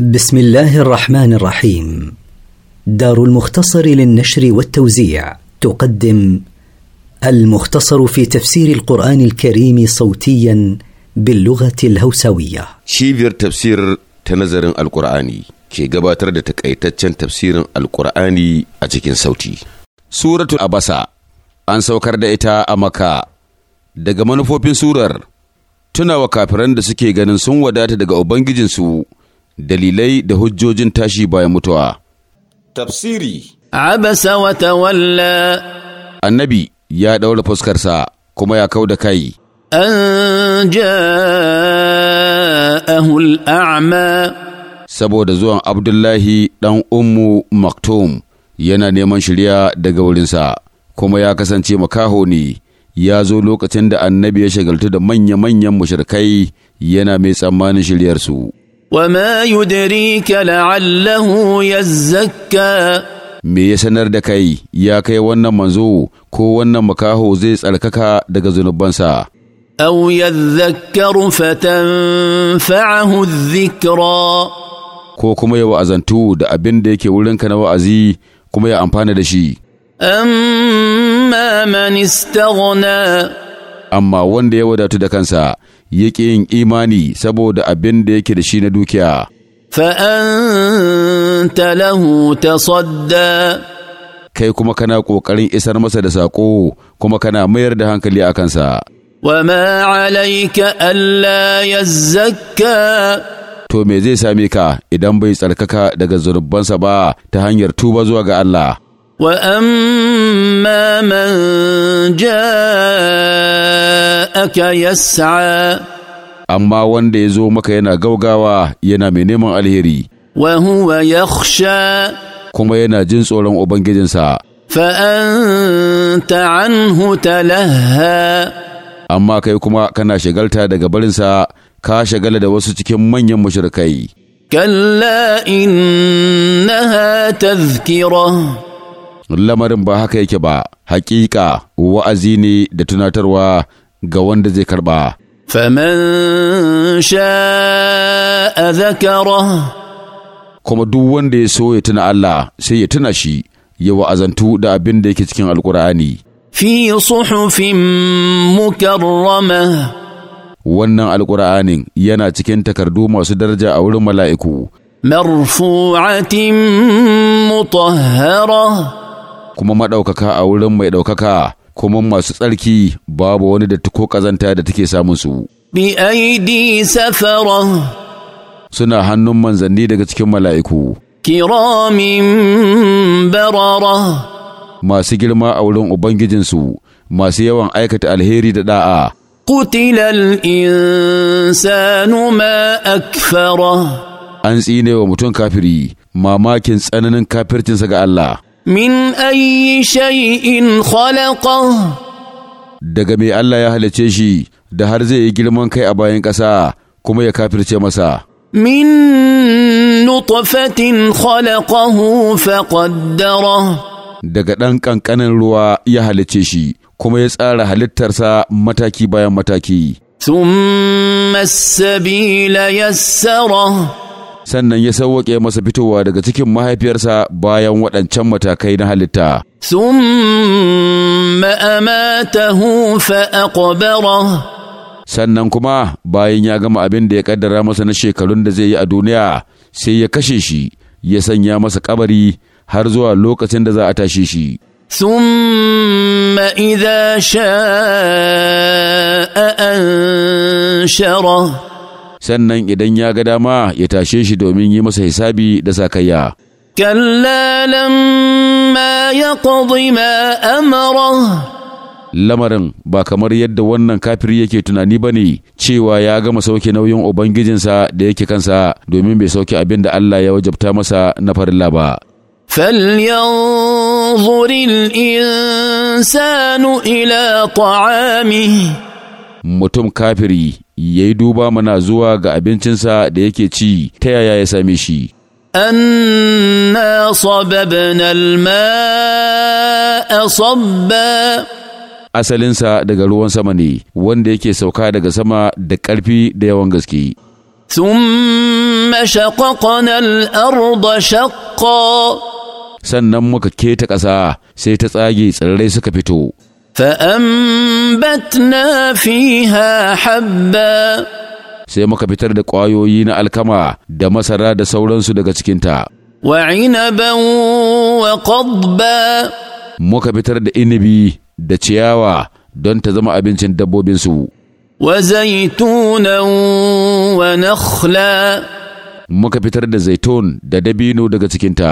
بسم الله الرحمن الرحيم دار المختصر للنشر والتوزيع تقدم المختصر في تفسير القرآن الكريم صوتيا باللغة الهوسوية شيفير تفسير تنظر القرآني كي قباتر تكأيتتشن تفسير القرآني أتكين صوتي سورة أبسا أن سوكر دائتا أمكا daga manufofin سورر تنا وكافران دسكي غنن سنو sun wadata daga جنسو dalilai da hujjojin tashi bayan mutuwa. Tafsiri Abasa wa tawalla Annabi ya ɗaura fuskarsa kuma ya kau da kai. An a'ma Saboda zuwan Abdullahi ɗan Ummu Maktum yana neman shirya daga wurinsa, kuma ya kasance makaho ne. ya zo lokacin da annabi ya shagaltu da manya-manyan mashirkai yana mai tsammanin shiryarsu. وما يدريك لعله يزكى me ya sanar da kai ya kai wannan manzo ko wannan makaho zai tsarkaka daga zunubansa أو يذكر فتنفعه dhikra ko kuma ya wa'azantu da abin da yake wurin ka na wa'azi kuma ya amfana da shi. Amma man istaghna amma wanda ya wadatu da kansa yake yin imani saboda abin da yake da shi na dukiya fa'anta lahu sadda. kai kuma kana ƙoƙarin isar masa da saƙo kuma kana mayar da hankali a kansa وما Allah ya zakka. to me zai sami ka idan bai tsarkaka daga zunubansa ba ta hanyar tuba zuwa ga Allah واما من جاءك يسعى amma wanda ya zo maka yana gaugawa yana mai neman alheri Wahuwa huwa kuma yana jin tsoron ubangijinsa fa anta anhu talaha amma kai kuma kana shagalta daga barinsa ka shagala da wasu cikin manyan mushrikai kalla innaha tazkirah lamarin ba haka yake ba hakika wa'azi ne da tunatarwa ga wanda zai karba faman sha zakara kuma duk wanda ya so ya tuna Allah sai ya tuna shi ya wa'azantu da abin da yake cikin alkur'ani fi suhufin mukarrama wannan alkur'anin yana cikin takardu masu daraja a wurin mala'iku marfu'atin mutahhara kuma maɗaukaka a wurin mai ɗaukaka kuma masu tsarki babu wani da ko ƙazanta da take samun su. Bi aidi safara. Suna hannun manzanni daga cikin mala'iku. Kiramin barara. Masu girma a wurin Ubangijinsu, masu yawan aikata alheri da ɗa'a. Kutilal insanu ma akfara. An tsine wa mutum kafiri, mamakin tsananin kafircinsa ga Allah. min ayi shay'in khalaqa daga mai Allah ya halice shi da har zai yi girman kai a bayan ƙasa kuma ya kafirce masa min nutfatin khalaqahu faqaddara daga ɗan ƙanƙanin ruwa ya halice shi kuma ya tsara halittarsa mataki bayan mataki. Thumma sabila yassara sannan ya sauwaƙe masa fitowa daga cikin mahaifiyarsa bayan waɗancan matakai na halitta. Summa a sannan kuma bayan ya gama abin da ya ƙaddara masa na shekarun da zai yi a duniya sai ya kashe shi ya sanya masa ƙabari har zuwa lokacin da za a tashe shi. Summa idha sha'a anshara sannan idan ya ga dama ya tashe shi domin yi masa hisabi da sakayya. Kallalan ma ya ma amara. Lamarin ba kamar yadda wannan kafiri yake tunani ba ne cewa ya gama sauke nauyin Ubangijinsa da yake kansa domin bai sauke abin da Allah ya wajabta masa na farilla ba. فلينظر الإنسان ila طعامه mutum kafiri Yayi duba mana zuwa ga abincinsa da yake ci ta yaya ya same shi. sababna صببنا الماء صبا asalinsa daga ruwan sama ne wanda yake sauka daga sama da ƙarfi da yawan gaske. shaqaqna al الأرض shaqqa sannan muka keta ƙasa sai ta tsage tsirrai suka fito. فأنبتنا فيها حبا sai muka fitar da ƙwayoyi na alkama da masara da sauransu daga cikinta. Wa inaban wa qadba muka fitar da inibi da ciyawa don ta zama abincin dabbobinsu. Wa zaitunan wa nakhla muka fitar da zaitun da dabino daga cikinta.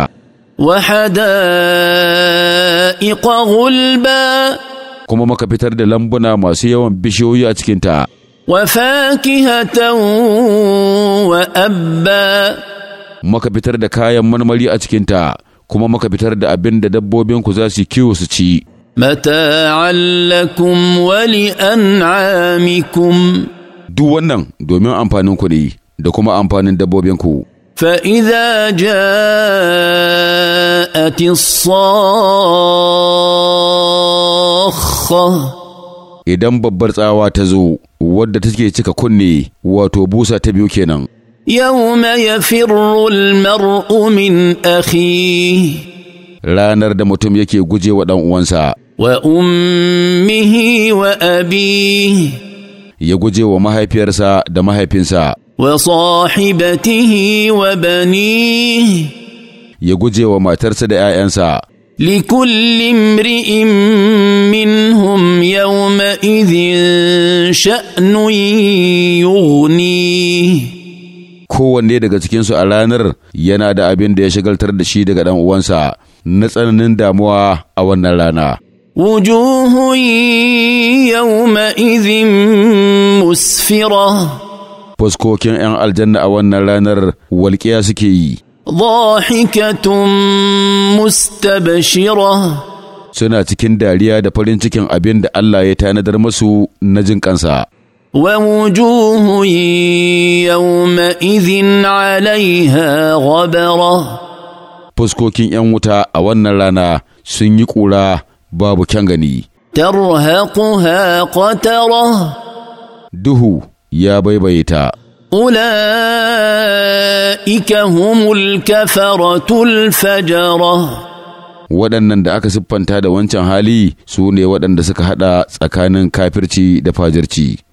Wa hada'iqa gulba kuma muka fitar da lambuna masu yawan bishiyoyi a cikinta. wa Abba. Muka fitar da kayan marmari a cikinta, kuma muka fitar da abin da dabbobinku za su kiwo su ci. Mata'an lakum wali an'amikum. Duk wannan domin amfaninku ne da kuma amfanin dabbobinku. فإذا جاءت الصال idan babbar tsawa ta zo wadda take cika kunne wato busa ta biyu kenan. يوم ya mar'u min أخيه ranar da mutum yake guje wa ɗan uwansa wa ummihi wa abi ya guje wa mahaifiyarsa da mahaifinsa wa sahibatihi wa bani ya guje wa matarsa da ‘ya'yansa لكل امرئ منهم يومئذ شأن يغنيه kowanne daga cikinsu a ranar yana da abin da ya shigaltar da shi daga ɗan uwansa na tsananin damuwa a wannan rana. Wujuhun yawma musfira. Fuskokin ‘yan aljanna a wannan ranar walƙiya suke yi. ضاحكة مستبشرة suna cikin dariya da farin cikin abin da Allah ya tanadar masu na jin kansa. ووجوه يومئذ alaiha gabara fuskokin ‘yan wuta a wannan rana sun yi ƙura babu kyan gani. Tarhaquha qatara Duhu ya baibaye ta. أولئك هم الكفرة الفجرة waɗannan da aka siffanta da wancan hali su ne waɗanda suka haɗa tsakanin kafirci da fajirci